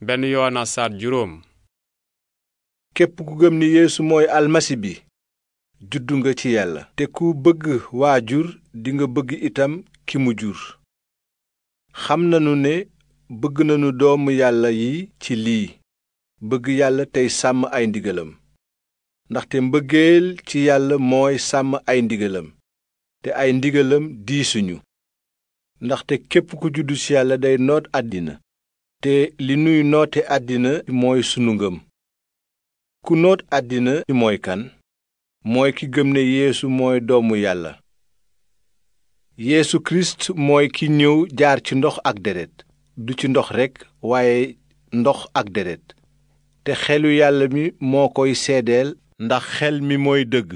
benn yoona juróom képp ku gëm ni yéesu mooy almasi bi juddu nga ci yàlla te ku bëgg waajur dinga bëgg itam ki mu jur xam nanu ne bëgg nanu doomu yàlla yi ci lii bëgg yàlla tey sàmm ay ndigalam ndaxte mbëggeel ci yàlla mooy sàmm ay ndigalam te ay ndigalam diisuñu ndaxte képp ku juddu ci yàlla day noot àddina te li nuy noote àddina mooy sunu ngëm ku noot àddina mooy kan mooy ki gëm ne yeesu mooy doomu yàlla yéesu kirist mooy ki ñëw jaar ci ndox ak deret du ci ndox rekk waaye ndox ak deret te xelu yàlla mi moo koy seedeel ndax xel mi mooy dëgg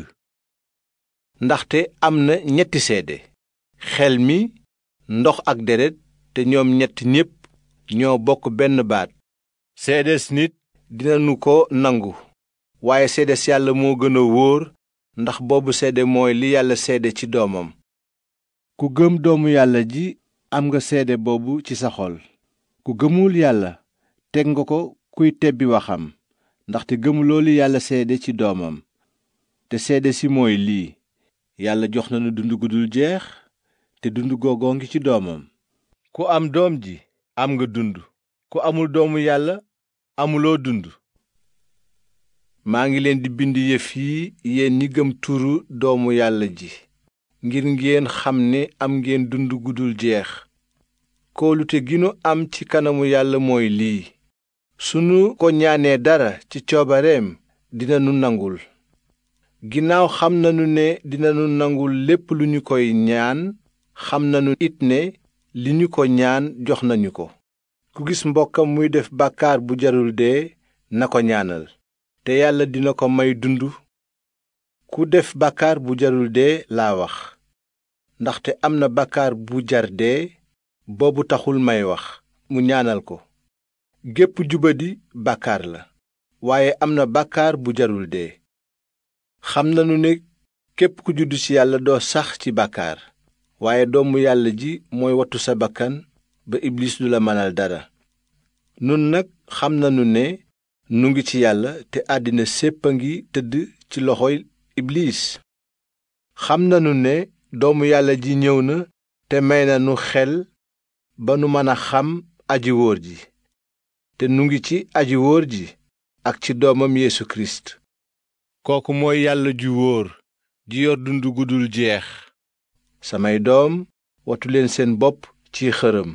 ndaxte am na ñetti seede xel mi ndox ak deret te ñoom ñett ñépp ñoo bokk benn baat seedes nit dinanu ko nangu waaye si yàlla moo gën a wóor ndax boobu seede mooy li yàlla seede ci doomam ku gëm doomu yàlla ji am nga seede boobu ci sa xol ku gëmul yàlla teg nga ko kuy tebbi waxam ndaxte gëmuloo li yàlla seede ci doomam te seede si mooy lii yàlla jox nañu dund gu dul jeex te dund googoo ngi ci doomam ku am doom ji am nga dund ku amul doomu yàlla amuloo dund maa ngi leen di bind yëf yii yéen ñi gëm turu doomu yàlla ji ngir ngeen xam ne am ngeen dund gudul jeex kóolute gi nu am ci kanamu yàlla mooy lii su nu ko ñaanee dara ci coobareem dina nu nangul ginnaaw xam nanu ne dina nu nangul lépp lu ñu koy ñaan xam nanu it ne li ñu ko ñaan jox nañu ko ku gis mbokkam muy def bàkkaar bu jarul dee na ko ñaanal te yàlla dina ko may dund ku def bàkkaar bu jarul dee laa wax ndaxte am na bàkkaar bu jar dee boobu taxul may wax mu ñaanal ko gépp jubadi bàkkaar la waaye am na bàkkaar bu jarul dee xam nanu ne képp ku juddu ci yàlla doo sax ci bàkkaar waaye doomu yàlla ji mooy wattu sa bakkan ba iblis du la mënal dara nun nag xam nanu ne nu ngi ci yàlla te àddina sépp a ngi tëdd ci loxo iblis xam nanu ne doomu yàlla ji ñëw na te may na nu xel ba nu mën a xam aji wóor ji te nu ngi ci aji wóor ji ak ci doomam yeesu kirist kooku mooy yàlla ji wóor ji yor dund gudul jeex samay doom watu seen bopp ci xërëm